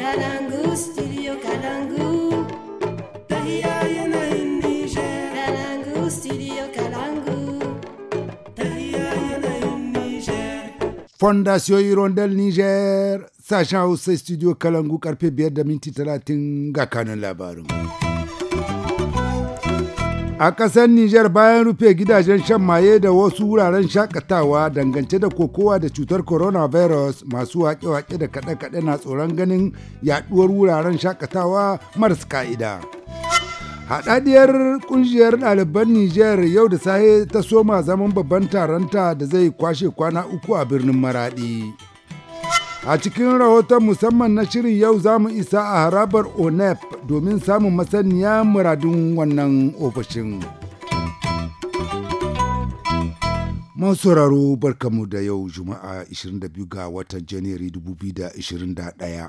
Kalangu, studio Kalangu. Tahia yana in Kalangu, studio Kalangu. Fondation Hirondelle Niger. Sashen Hausa Studio Kalangu karfe biyar da minti talatin ga kanan labarin. A ƙasar Nijar bayan rufe gidajen shan maye da wasu wuraren shakatawa dangance da kokowa da cutar coronavirus masu waƙe-waƙe da kaɗe-kaɗe na tsoron ganin yaɗuwar wuraren shakatawa Mars ka'ida. Haɗaɗiyar ƙungiyar ɗaliban Nijar yau da sahe ta soma zaman babban taronta da zai kwashe kwana uku a birnin Maraɗi. A cikin rahoton musamman na shirin yau za mu isa a harabar ONEP domin samun masaniya muradun wannan ofishin. Masauraro barkamu da yau Juma'a 22 ga watan Janairu 2021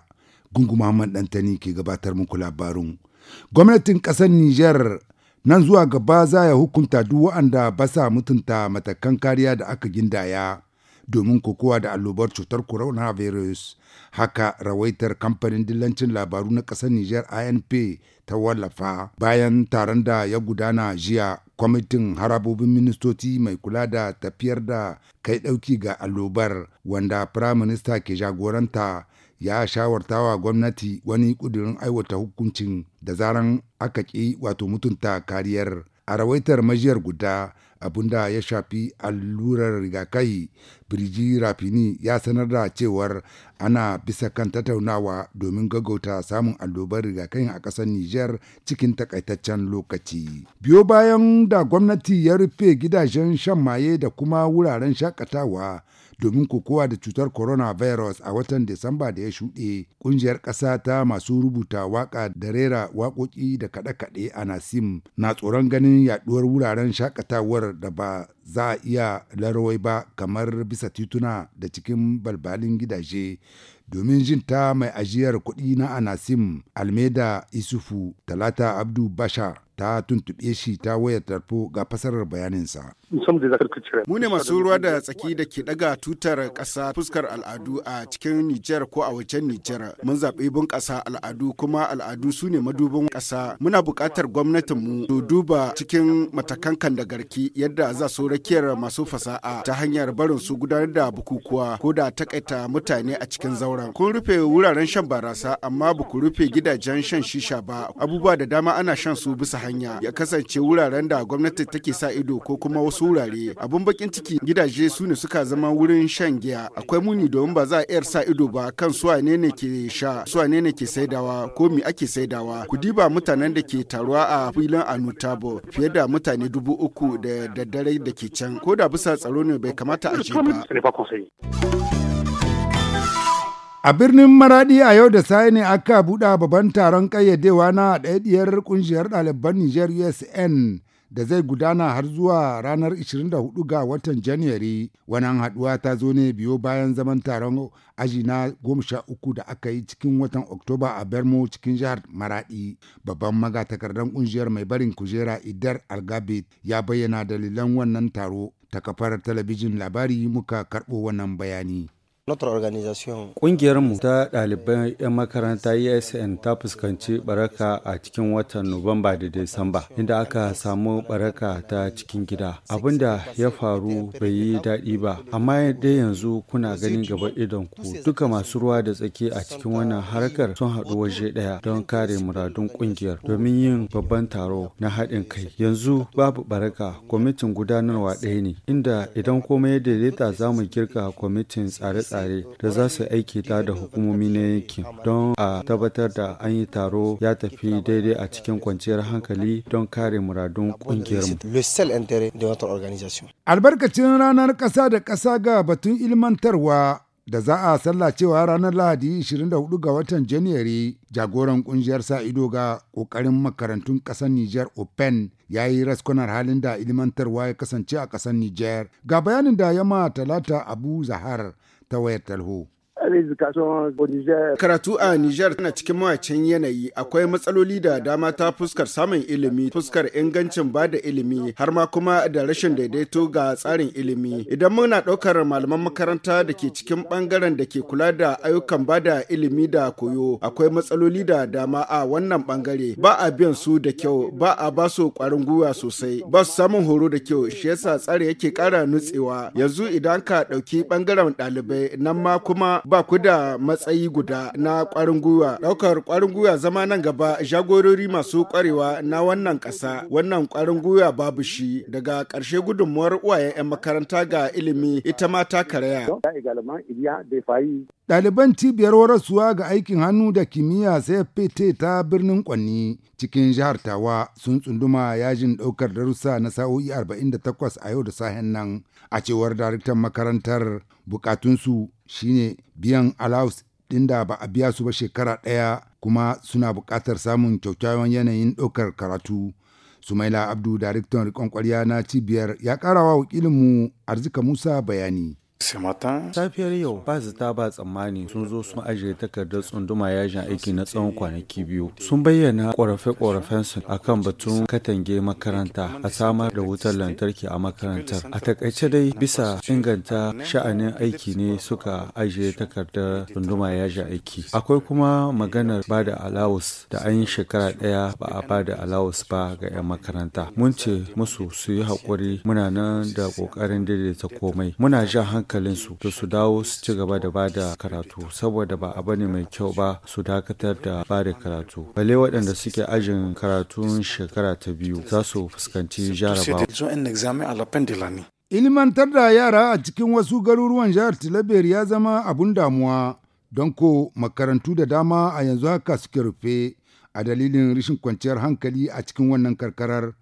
Gungu Muhammad Dantani ke gabatar muku labarun Gwamnatin ƙasar Nijar nan zuwa gaba za ya hukunta duk waɗanda ba sa mutunta matakan kariya da aka gindaya. domin kokowa da allobar cutar coronavirus. Haka rawaitar kamfanin dillancin labaru na ƙasar Nijar INP ta wallafa bayan taron da ya gudana jiya kwamitin harabobin ministoci mai kula da tafiyar da kai ɗauki ga allobar wanda firaminista ke jagoranta ya shawartawa gwamnati wani ƙudurin aiwata hukuncin da zaran aka ƙi wato mutunta kariyar a rawaitar majiyar guda abinda ya shafi allurar rigakafi Birji Rafini ya sanar da cewar ana bisa kan tattaunawa domin gaggauta samun allobar rigakai a ƙasar Nijar cikin takaitaccen lokaci. Biyo bayan da gwamnati ya rufe gidajen shan maye da kuma wuraren shakatawa domin kokowa da cutar coronavirus a watan Disamba da ya shuɗe, ƙungiyar ƙasa ta masu rubuta waƙa da rera waƙoƙi da kaɗe-kaɗe a Nasim na tsoron ganin yaɗuwar wuraren shakatawar da ba za a iya larawai ba kamar bisa tituna da cikin balbalin gidaje domin jin ta mai ajiyar kuɗi na anasim almeda isufu talata abdu bashar ta tuntuɓe shi ta wayar tarfo ga fasarar bayaninsa. Mu ne masu ruwa da tsaki da ke ɗaga tutar ƙasa fuskar al'adu a cikin Nijar ko a wajen Nijar. Mun zaɓi bunƙasa al'adu kuma al'adu su ne madubin ƙasa. Muna buƙatar gwamnatinmu to duba cikin matakan kan da garki yadda za su rakiyar masu fasa'a ta hanyar barin su gudanar da bukukuwa ko da takaita mutane a cikin zauren. Kun rufe wuraren shan barasa amma ba ku rufe gidajen shan shisha ba. Abubuwa da dama ana shan su bisa hanyar. hanya ya kasance wuraren da gwamnati take sa ido ko kuma wasu wurare abun bakin ciki gidaje su ne suka zama wurin shan giya akwai muni domin ba za a iya sa ido ba kan su ne ne ke sha su ne ne ke saidawa ko mi ake saidawa ku diba mutanen da ke taruwa a filin anutabo fiye da mutane dubu uku da daddare da ke can ko da bisa tsaro ne bai kamata a ce ba. A birnin Maradi a yau da sai ne aka buɗa babban taron ƙayyadewa na ɗaiɗiyar ƙungiyar ɗaliban Niger USN da zai gudana har zuwa ranar 24 ga watan Janairu. Wannan haɗuwa ta zo ne biyo bayan zaman taron aji na 13 da aka yi cikin watan Oktoba a Bermo cikin jihar Maradi. Babban magatakardar ƙungiyar mai barin kujera Idar Algabit ya bayyana dalilan wannan taro ta kafar talabijin labari muka karɓo wannan bayani. Ƙungiyarmu ta ɗaliban 'yan makaranta ESN ta fuskanci baraka a cikin watan Nuwamba da Disamba, inda aka samu baraka ta cikin gida. Abin da ya faru bai yi daɗi ba, amma dai yanzu kuna ganin gaba idon ku duka masu ruwa da tsaki a cikin wannan harkar sun haɗu waje ɗaya don kare muradun ƙungiyar domin yin babban taro na haɗin kai. Yanzu babu baraka, kwamitin gudanarwa ɗaya ne, inda idan komai ya daidaita za mu girka kwamitin tsare tsare da za su aiki ta da hukumomi na yankin don a tabbatar da an yi taro ya tafi daidai a cikin kwanciyar hankali don kare muradun kungiyarmu. Albarkacin ranar kasa da kasa ga batun ilmantarwa da za a sallacewa ranar Lahadi 24 ga watan Janairu jagoran kungiyar sa ido ga kokarin makarantun ƙasar niger Open ya yi raskunar halin da ilmantarwa ya kasance a ƙasar niger Ga bayanin da yama talata Abu Zahar تواتر هو Karatu a Nijar tana cikin mawacin yanayi akwai matsaloli da dama ta fuskar samun ilimi, fuskar ingancin ba da ilimi, har ma kuma da rashin daidaito ga tsarin ilimi. Idan muna ɗaukar malaman makaranta da ke cikin ɓangaren da ke kula da ayyukan ba da ilimi da koyo, akwai matsaloli da dama a wannan ɓangare. Ba a biyan su da kyau, ba a ba su ƙwarin gwiwa sosai, ba su samun horo da kyau, shi yasa tsari yake kara nutsewa. Yanzu idan ka ɗauki ɓangaren ɗalibai, nan ma kuma ba ku da matsayi guda na kwarin gwiwa. daukar kwarin gwiwa zama nan gaba jagorori masu kwarewa na wannan kasa Wannan kwarin gwiwa babu shi daga karshe gudunmuwar uwaye 'yan makaranta ga ilimi ita ma ta karaya. Ɗaliban cibiyar warasuwa ga aikin hannu da kimiyya CFPT ta birnin Kwanni cikin jihar Tawa sun tsunduma yajin ɗaukar darussa na sa'o'i 48 a yau da sahen nan a cewar daraktan makarantar bukatunsu shine biyan alaus ɗin da ba a biya su ba shekara ɗaya kuma suna buƙatar samun kyaukyawan yanayin ɗaukar karatu. Sumaila Abdu, daraktan riƙon ƙwarya na cibiyar, ya ƙara wa wakilinmu Arzika Musa bayani. Safiyar yau ba ta ba tsammani sun zo sun ajiye takardar tsunduma yajin aiki na tsawon kwanaki biyu. Sun bayyana ƙorafe-ƙorafensu a kan batun katange makaranta a samar da wutar lantarki a makarantar. A takaice dai bisa inganta sha'anin aiki ne suka ajiye takardar tsunduma yajin aiki. Akwai kuma maganar ba da alawus da an yi shekara ɗaya ba a ba da alawus ba ga 'yan makaranta. Mun ce musu su yi haƙuri muna nan da ƙoƙarin daidaita komai. Muna jan hankali hankalinsu da su dawo su ci gaba da ba da karatu saboda ba abu ne mai kyau ba su dakatar da ba da karatu bale waɗanda suke ajin karatun shekara ta biyu za su fuskanci jarabawa Ilimantar da yara a cikin wasu garuruwan jihar Tilabiyar ya zama abun damuwa don ko makarantu da dama a yanzu haka suke rufe a dalilin rashin kwanciyar hankali a cikin wannan karkarar.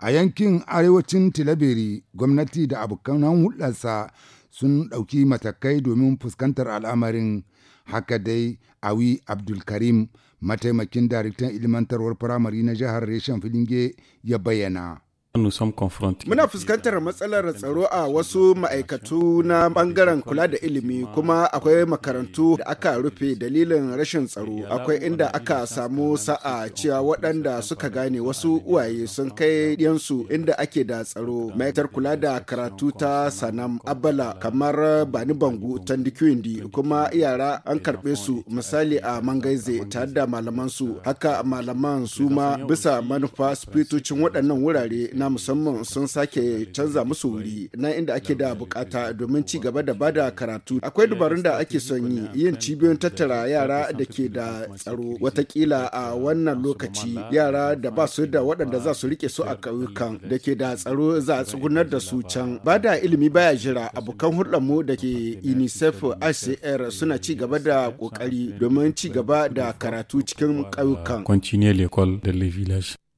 A yankin arewacin Tilabiri, gwamnati da abokan hulɗarsa sun ɗauki matakai domin fuskantar al'amarin haka dai awi abdulkarim mataimakin daraktan ilimantarwar firamare na jihar reshen filinge ya bayyana Muna fuskantar matsalar tsaro a wasu ma'aikatu na bangaren kula da ilimi kuma akwai makarantu da aka rufe dalilin rashin tsaro. Akwai inda aka samu sa'a cewa waɗanda suka gane wasu uwaye sun kai yansu inda ake da tsaro. Ma'aikatar kula da karatu ta Sanam Abala kamar Bani Bangu Tandikwindi kuma yara an karɓe su misali a Mangaize tare da malaman su haka malaman su ma bisa manufa spiritucin waɗannan wurare na na musamman sun sake canza musu wuri na inda ake da bukata domin ci gaba da bada karatu akwai dubarun da ake son yi yin cibiyoyin tattara yara da ke da tsaro watakila a wannan lokaci yara da ba su da waɗanda za su rike su a ƙauyukan da ke da tsaro za a tsugunar da su can ba da ilimi baya jira abokan hulɗarmu da ke unicef icr suna ci gaba da ƙoƙari domin ci gaba da karatu cikin ƙauyukan. Continuer l'école de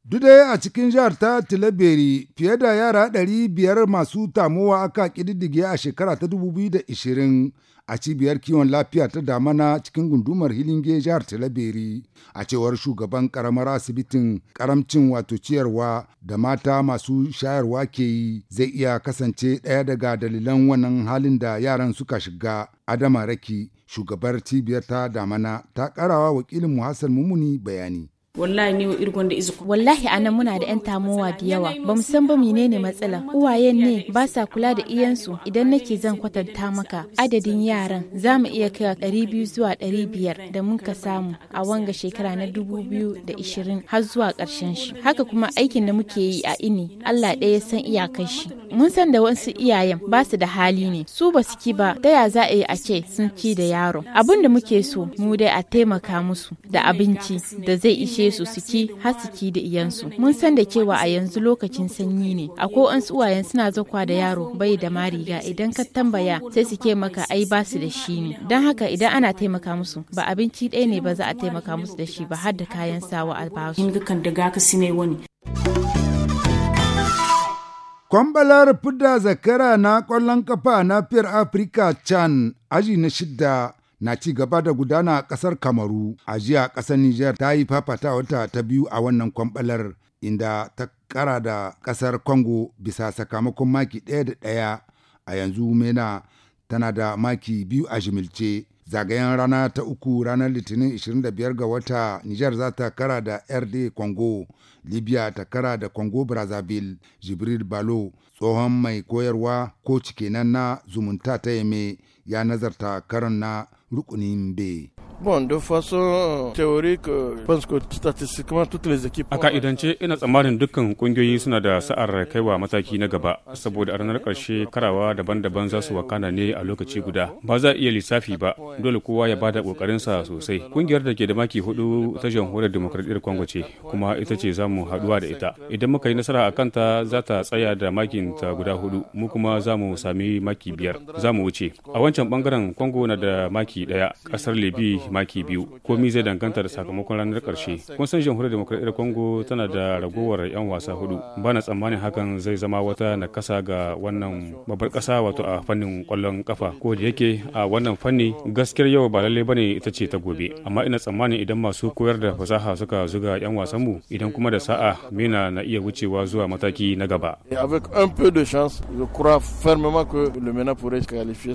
Duk dai a cikin jihar ta Tilaberi fiye da yara ɗari biyar masu tamowa aka ƙididdige a shekara ta da 2020 a cibiyar kiwon lafiya ta damana cikin gundumar Hilinge jihar Tilaberi a cewar shugaban karamar asibitin karamcin wato ciyarwa da mata masu shayarwa ke yi zai iya kasance ɗaya daga dalilan wannan halin da yaran suka shiga. Adama Raki shugabar cibiyar ta damana ta ƙarawa wakilin Hassan Mumuni bayani. wallahi ne irgon da izuku wallahi anan muna da yan tamowa da yawa ba mu san ba menene matsala uwayen ne ba sa kula da iyansu idan nake zan kwatanta maka adadin yaran za mu iya kai biyu zuwa ɗari biyar da muka samu a wanga shekara na dubu biyu da ishirin har zuwa karshen shi haka kuma aikin da muke yi a ini Allah ɗaya ya san iyakar shi mun san da wasu iyayen ba su da hali ne su ba su ki ba ta ya za a yi a ce sun ci da yaro abin da muke so mu dai a taimaka musu da abinci da zai ishe su siki har siki da iyansu. Mun san da cewa a yanzu lokacin sanyi ne. akwai ko an uwayen suna zakwa da yaro bai da ma riga idan ka tambaya sai su ke maka ai ba su da shi ne. Don haka idan ana taimaka musu ba abinci ɗaya ne ba za a taimaka musu da shi ba har da kayan sawa albasu. Kwambalar fidda zakara na kwallon kafa nafiyar Afirka Chan aji na shidda na ci gaba da gudana a ƙasar Kamaru. A jiya ƙasar Nijar ta yi fafata wata ta biyu a wannan kwambalar. inda ta kara da kasar Congo bisa sakamakon maki ɗaya da ɗaya a yanzu Mena tana da maki biyu a jimilce. Zagayen rana ta uku ranar Litinin 25 ga wata niger za ta kara da RD Congo, Libya ta kara da Congo Brazzaville, Jibril Balo, tsohon mai koyarwa ko cikenan na zumunta ta yame ya nazarta karan na rukunin B. Bon, de façon euh, théorique, euh, je que statistiquement toutes les équipes. A ka'idance ina tsammanin dukkan kungiyoyi suna da sa'ar kaiwa mataki na gaba saboda a ranar karshe karawa daban-daban za su wakana ne a lokaci guda. Ba za iya lissafi ba, dole kowa ya bada kokarinsa sosai. Kungiyar da ke da maki hudu ta jamhuriyar demokradiyyar Kongo ce, kuma ita ce za mu haduwa da ita. Idan muka yi nasara a kanta za ta tsaya da makin ta guda hudu, mu kuma za mu sami maki biyar, za mu wuce. A wancan bangaren Kongo na da maki maki daya kasar libi maki biyu komi zai danganta da sakamakon ranar karshe kun san jamhuriyar demokradiyyar congo tana da ragowar yan wasa hudu ba na tsammanin hakan zai zama wata na kasa ga wannan babbar kasa wato a fannin kwallon kafa ko da yake a wannan fanni gaskiyar yau ba lalle bane ita ce ta gobe amma ina tsammanin idan masu koyar da fasaha suka zuga yan wasan mu idan kuma da sa'a mina na iya wucewa zuwa mataki na gaba avec un peu de chance je crois fermement que le MENA pourrait se qualifier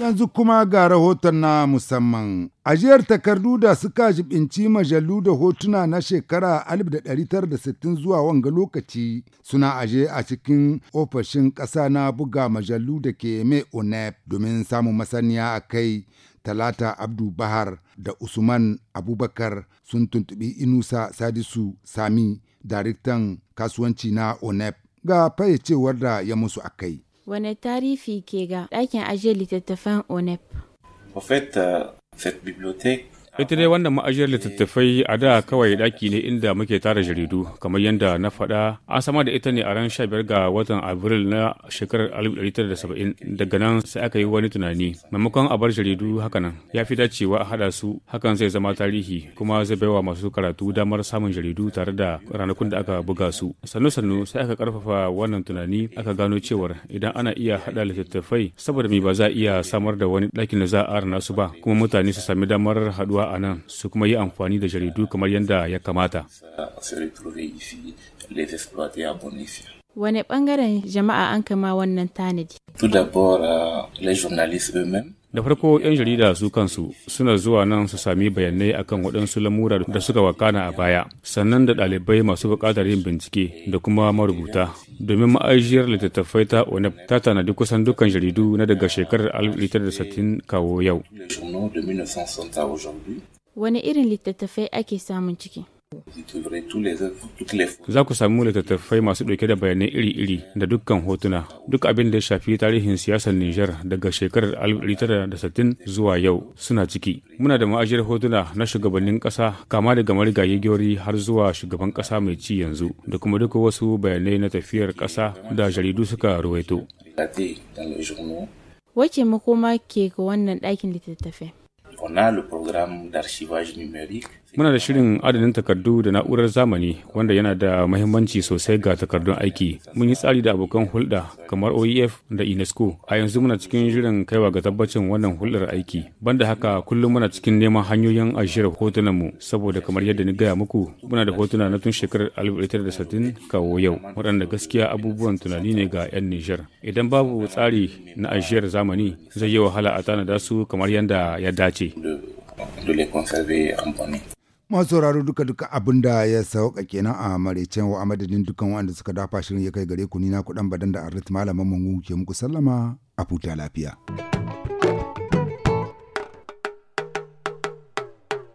Yanzu kuma ga rahoton na musamman. Ajiyar takardu da suka jibinci majalu da hotuna na shekara 1960 zuwa wanga lokaci suna aje a cikin ofishin ƙasa na buga majalu da ke mai UNEP domin samun masaniya a kai talata abdu bahar da usman abubakar sun tuntubi inusa sadisu sami daraktan kasuwanci na UNEP ga fayyacewar da ya musu akai Wane tarihi ke ga ɗakin ajiye littattafan ONEP? En fait, cette bibliothèque Ita dai wannan ma'ajiyar littattafai a da kawai daki ne inda muke tara jaridu, kamar yadda na faɗa an sama da ita ne a ran 15 ga watan Abril na shekarar 1970 daga nan sai aka yi wani tunani. Maimakon a bar jaridu hakanan ya fi dacewa a haɗa su hakan zai zama tarihi kuma zai baiwa masu karatu damar samun jaridu tare da ranakun da aka buga su. Sannu-sannu sai aka karfafa wannan tunani aka gano cewar idan ana iya haɗa littattafai saboda me ba za a iya samar da wani ɗakin da za a arna su ba kuma mutane su sami damar haɗuwa a nan su kuma yi amfani da jaridu kamar yadda ya kamata. Wane ɓangaren jama'a an kama wannan tanadi? Euh, da farko 'yan jarida su kansu suna zuwa nan su sami bayanai akan waɗansu lamura da suka wakana a baya, sannan da ɗalibai masu buƙatar yin bincike da kuma marubuta domin ma'ajiyar littattafai ta onep ta tanadi kusan dukkan jaridu na daga shekarar 1960 kawo yau wani irin littattafai ake samun ciki Za ku samu littattafai masu ɗauke da bayanai iri-iri da dukkan hotuna, duk abin da ya shafi tarihin siyasar Nijar daga shekarar 1960 zuwa yau suna ciki. Muna da ma'ajiyar hotuna na shugabannin ƙasa kama daga marigayi gyori har zuwa shugaban ƙasa mai ci yanzu da kuma duk wasu bayanai na tafiyar ƙasa da jaridu suka ruwaito. Wace makoma ke ga wannan ɗakin littattafai? Muna da shirin adadin takardu da na'urar zamani wanda yana da mahimmanci sosai ga takardun aiki. Mun yi tsari da abokan hulɗa kamar OEF da UNESCO. A yanzu muna cikin shirin kaiwa ga tabbacin wannan hulɗar aiki. Banda haka kullum muna cikin neman hanyoyin ajiyar mu saboda kamar yadda ni gaya muku muna da hotuna na tun shekarar 1960 kawo yau waɗanda gaskiya abubuwan tunani ne ga 'yan Nijar. Idan babu tsari na ajiyar zamani zai yi wahala a tanada su kamar yadda ya dace. masu sauraro duka duka abin da ya sauka kenan a maraicen wa amadadin dukan wanda suka dafa shirin ya kai gare ku ni na kudan badan da arit malaman mangu ke muku sallama a futa lafiya.